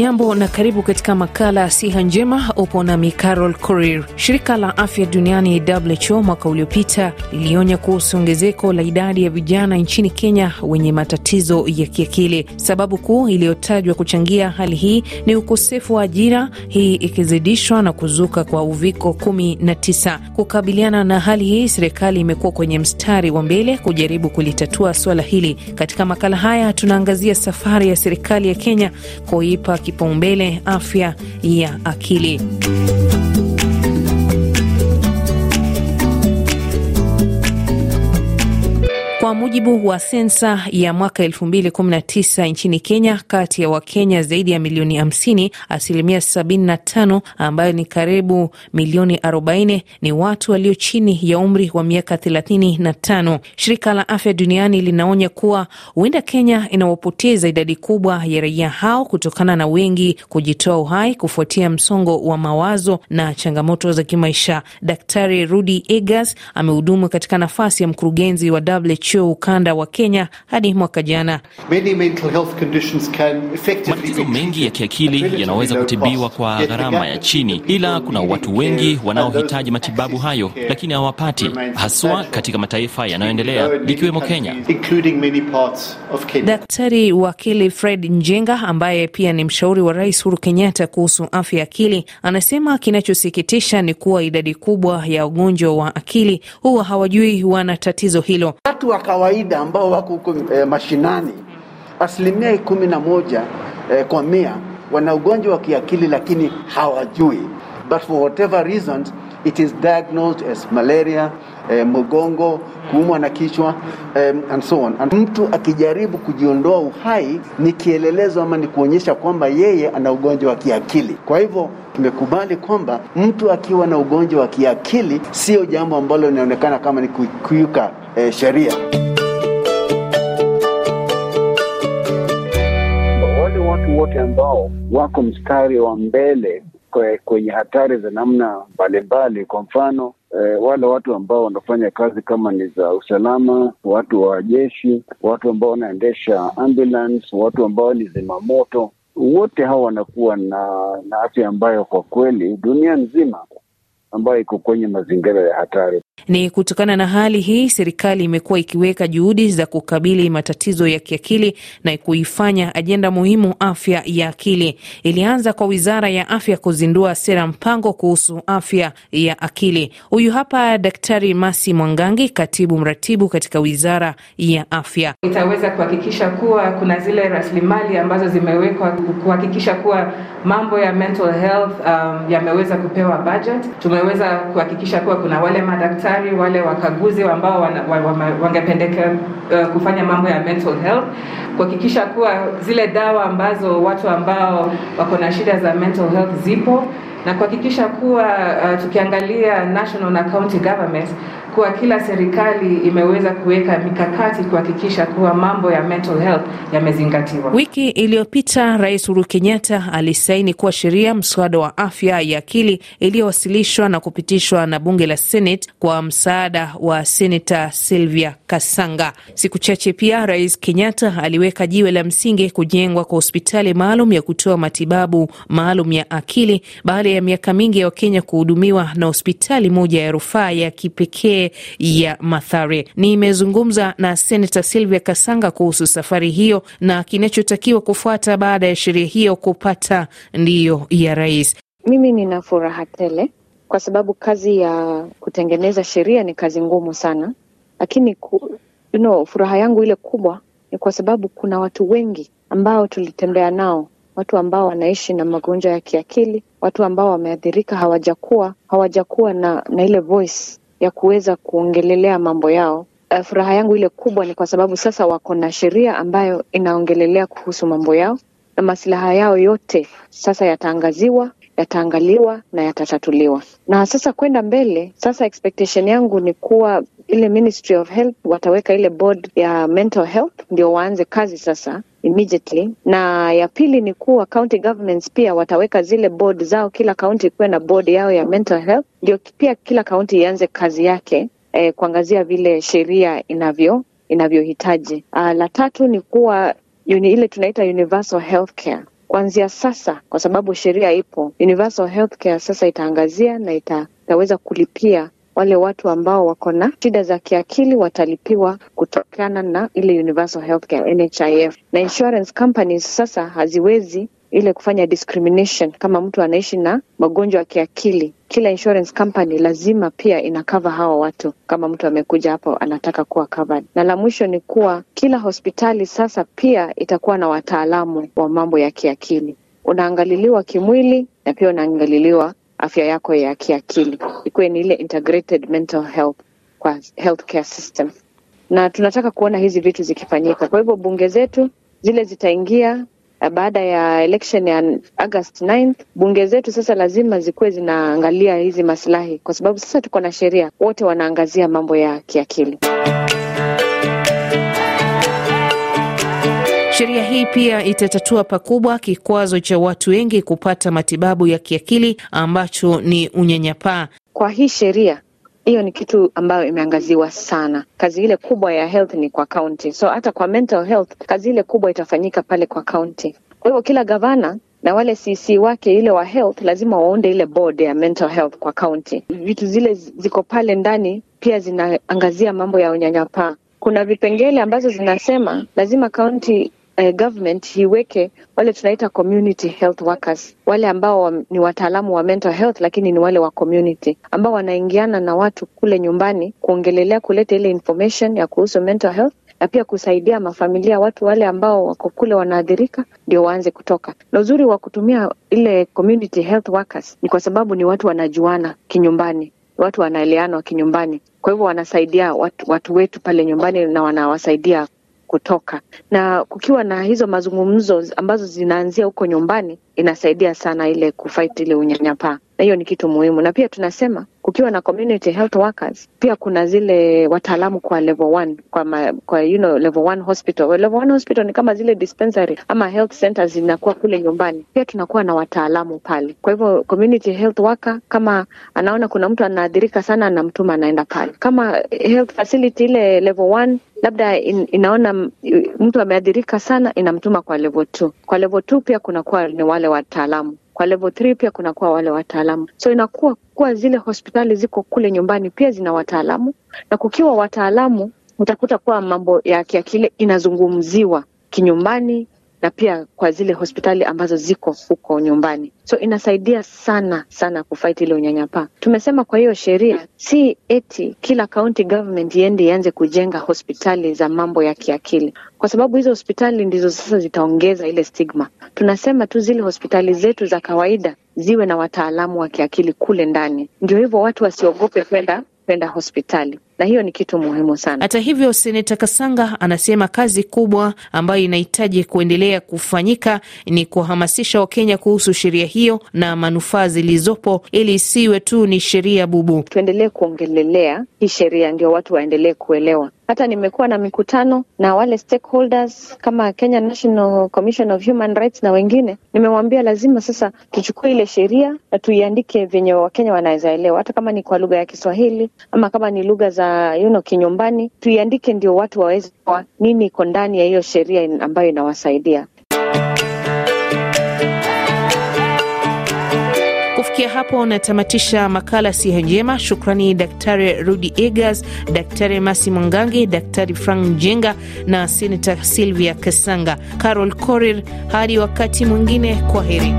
Hujambo na karibu katika makala ya siha njema. Upo nami Carol Korir. Shirika la afya duniani WHO mwaka uliopita lilionya kuhusu ongezeko la idadi ya vijana nchini Kenya wenye matatizo ya kiakili. Sababu kuu iliyotajwa kuchangia hali hii ni ukosefu wa ajira, hii ikizidishwa na kuzuka kwa uviko 19. Kukabiliana na hali hii, serikali imekuwa kwenye mstari wa mbele kujaribu kulitatua swala hili. Katika makala haya tunaangazia safari ya serikali ya Kenya kuipa kipaumbele afya ya akili. Kwa mujibu wa sensa ya mwaka 2019 nchini Kenya, kati ya Wakenya zaidi ya milioni 50, asilimia 75 ambayo ni karibu milioni 40 ni watu walio chini ya umri wa miaka 35. Shirika la Afya Duniani linaonya kuwa huenda Kenya inawapoteza idadi kubwa ya raia hao kutokana na wengi kujitoa uhai kufuatia msongo wa mawazo na changamoto za kimaisha. Daktari Rudi Egas amehudumu katika nafasi ya mkurugenzi wa WHO sio ukanda wa Kenya hadi mwaka jana. Matatizo mengi ya kiakili yanaweza kutibiwa kwa gharama ya chini, ila kuna watu wengi wanaohitaji matibabu hayo lakini hawapati, haswa katika mataifa yanayoendelea likiwemo Kenya. Daktari wakili Fred Njenga ambaye pia ni mshauri wa Rais Uhuru Kenyatta kuhusu afya ya akili anasema kinachosikitisha ni kuwa idadi kubwa ya ugonjwa wa akili huwa hawajui wana tatizo hilo watu wa kawaida ambao wako huko e, mashinani asilimia kumi na moja e, kwa mia wana ugonjwa wa kiakili, lakini hawajui but for whatever reasons it is diagnosed as malaria eh, mgongo, kuumwa na kichwa eh, and so on. And mtu akijaribu kujiondoa uhai ni kielelezo ama ni kuonyesha kwamba yeye ana ugonjwa wa kiakili. Kwa hivyo tumekubali kwamba mtu akiwa na ugonjwa wa kiakili sio jambo ambalo linaonekana kama ni kukiuka eh, sheria. watu wote ambao wako mstari wa mbele kwe, kwenye hatari za namna mbalimbali. Kwa mfano e, wale watu ambao wanafanya kazi kama ni za usalama, watu wa jeshi, watu ambao wanaendesha ambulance, watu ambao ni zimamoto, wote hawa wanakuwa na, na afya ambayo kwa kweli dunia nzima ambayo iko kwenye mazingira ya hatari. Ni kutokana na hali hii, serikali imekuwa ikiweka juhudi za kukabili matatizo ya kiakili na kuifanya ajenda muhimu afya ya akili. Ilianza kwa wizara ya afya kuzindua sera mpango kuhusu afya ya akili. Huyu hapa Daktari Masi Mwangangi, katibu mratibu katika wizara ya afya. Itaweza kuhakikisha kuwa kuna zile rasilimali ambazo zimewekwa kuhakikisha kuwa mambo ya mental health um, yameweza kupewa budget. Tumeweza kuhakikisha kuwa kuna wale madaktari gani wale wakaguzi ambao wangependekea uh, kufanya mambo ya mental health, kuhakikisha kuwa zile dawa ambazo watu ambao wako na shida za mental health zipo na kuhakikisha kuwa uh, tukiangalia national na county governments kuwa kila serikali imeweza kuweka mikakati kuhakikisha kuwa mambo ya mental health yamezingatiwa. Wiki iliyopita Rais Uhuru Kenyatta alisaini kuwa sheria mswada wa afya ya akili iliyowasilishwa na kupitishwa na bunge la Senate kwa msaada wa Senata Sylvia Kasanga. Siku chache pia Rais Kenyatta aliweka jiwe la msingi kujengwa kwa hospitali maalum ya kutoa matibabu maalum ya akili baada ya miaka mingi ya Wakenya kuhudumiwa na hospitali moja ya rufaa ya kipekee pekee ya Mathare. Nimezungumza na Senata Silvia Kasanga kuhusu safari hiyo na kinachotakiwa kufuata baada ya sheria hiyo kupata ndio ya rais. Mimi nina furaha tele kwa sababu kazi ya kutengeneza sheria ni kazi ngumu sana, lakini ku, you know, furaha yangu ile kubwa ni kwa sababu kuna watu wengi ambao tulitembea nao, watu ambao wanaishi na magonjwa ya kiakili, watu ambao wameathirika, hawajakuwa hawajakuwa na, na ile voice ya kuweza kuongelelea mambo yao. Uh, furaha yangu ile kubwa ni kwa sababu sasa wako na sheria ambayo inaongelelea kuhusu mambo yao na masilaha yao yote sasa yataangaziwa yataangaliwa na yatatatuliwa. Na sasa kwenda mbele, sasa expectation yangu ni kuwa ile Ministry of Health wataweka ile board ya mental health ndio waanze kazi sasa immediately. Na ya pili ni kuwa county governments pia wataweka zile board zao, kila kaunti ikuwe na board yao ya mental health, ndio pia kila kaunti ianze kazi yake eh, kuangazia vile sheria inavyo inavyohitaji. Uh, la tatu ni kuwa ile tunaita universal healthcare kuanzia sasa, kwa sababu sheria ipo, universal healthcare sasa itaangazia na ita, itaweza kulipia wale watu ambao wako na shida za kiakili watalipiwa kutokana na ile universal healthcare NHIF, na insurance companies sasa haziwezi ile kufanya discrimination kama mtu anaishi na magonjwa ya kiakili. Kila insurance company lazima pia inakava hawa watu, kama mtu amekuja hapo anataka kuwa covered. Na la mwisho ni kuwa kila hospitali sasa pia itakuwa na wataalamu wa mambo ya kiakili. Unaangaliliwa kimwili na pia unaangaliliwa afya yako ya kiakili, ikuwe ni ile integrated mental health kwa healthcare system, na tunataka kuona hizi vitu zikifanyika. Kwa hivyo bunge zetu zile zitaingia Eh, baada ya election ya August 9 bunge zetu sasa lazima zikuwe zinaangalia hizi masilahi, kwa sababu sasa tuko na sheria, wote wanaangazia mambo ya kiakili. Sheria hii pia itatatua pakubwa kikwazo cha watu wengi kupata matibabu ya kiakili ambacho ni unyanyapaa. Kwa hii sheria hiyo ni kitu ambayo imeangaziwa sana. Kazi ile kubwa ya health ni kwa kaunti, so hata kwa mental health kazi ile kubwa itafanyika pale kwa kaunti. Kwa hivyo kila gavana na wale CC wake ile wa health lazima waunde ile board ya mental health kwa kaunti. Vitu zile ziko pale ndani pia zinaangazia mambo ya unyanyapaa. Kuna vipengele ambazo zinasema lazima kaunti eh, government iweke wale tunaita community health workers, wale ambao ni wataalamu wa mental health, lakini ni wale wa community ambao wanaingiana na watu kule nyumbani kuongelelea, kuleta ile information ya kuhusu mental health na pia kusaidia mafamilia watu wale ambao wako kule wanaathirika ndio waanze kutoka. Na uzuri wa kutumia ile community health workers ni kwa sababu ni watu wanajuana kinyumbani, watu wanaeleanwa kinyumbani, kwa hivyo wanasaidia watu, watu wetu pale nyumbani na wanawasaidia kutoka, na kukiwa na hizo mazungumzo ambazo zinaanzia huko nyumbani, inasaidia sana ile kufight ile unyanyapaa, na hiyo ni kitu muhimu. Na pia tunasema ukiwa na community health workers, pia kuna zile wataalamu kwa level one, kwa ma, kwa you know, level one hospital. Well, level one hospital ni kama zile dispensary ama health centers zinakuwa kule nyumbani, pia tunakuwa na wataalamu pale. Kwa hivyo community health worker kama anaona kuna mtu anaathirika sana, anamtuma anaenda pale. Kama health facility ile level one labda in, inaona mtu ameathirika sana, inamtuma kwa level two. Kwa level two pia kunakuwa ni wale wataalamu kwa level 3 pia kunakuwa wale wataalamu, so inakuwa kuwa zile hospitali ziko kule nyumbani pia zina wataalamu, na kukiwa wataalamu utakuta kuwa mambo ya kiakili inazungumziwa kinyumbani na pia kwa zile hospitali ambazo ziko huko nyumbani. So inasaidia sana sana kufight ile unyanyapaa. Tumesema kwa hiyo sheria si eti kila county government iende ianze kujenga hospitali za mambo ya kiakili, kwa sababu hizo hospitali ndizo sasa zitaongeza ile stigma. Tunasema tu zile hospitali zetu za kawaida ziwe na wataalamu wa kiakili kule ndani, ndio hivyo watu wasiogope kwenda kwenda hospitali, na hiyo ni kitu muhimu sana. Hata hivyo, Seneta Kasanga anasema kazi kubwa ambayo inahitaji kuendelea kufanyika ni kuhamasisha Wakenya kuhusu sheria hiyo na manufaa zilizopo, ili isiwe tu ni sheria bubu. Tuendelee kuongelelea hii sheria, ndio watu waendelee kuelewa hata nimekuwa na mikutano na wale stakeholders kama Kenya National Commission of Human Rights na wengine, nimewambia lazima sasa tuchukue ile sheria na tuiandike vyenye Wakenya wanaweza elewa, hata kama ni kwa lugha ya Kiswahili ama kama ni lugha za you know, kinyumbani, tuiandike ndio watu waweze nini iko ndani ya hiyo sheria ambayo inawasaidia. Kufikia hapo natamatisha makala siha njema. Shukrani Daktari Rudi Egas, Daktari Masi Mwangangi, Daktari Frank Njenga na Senata Silvia Kasanga, Carol Korir. Hadi wakati mwingine, kwa heri.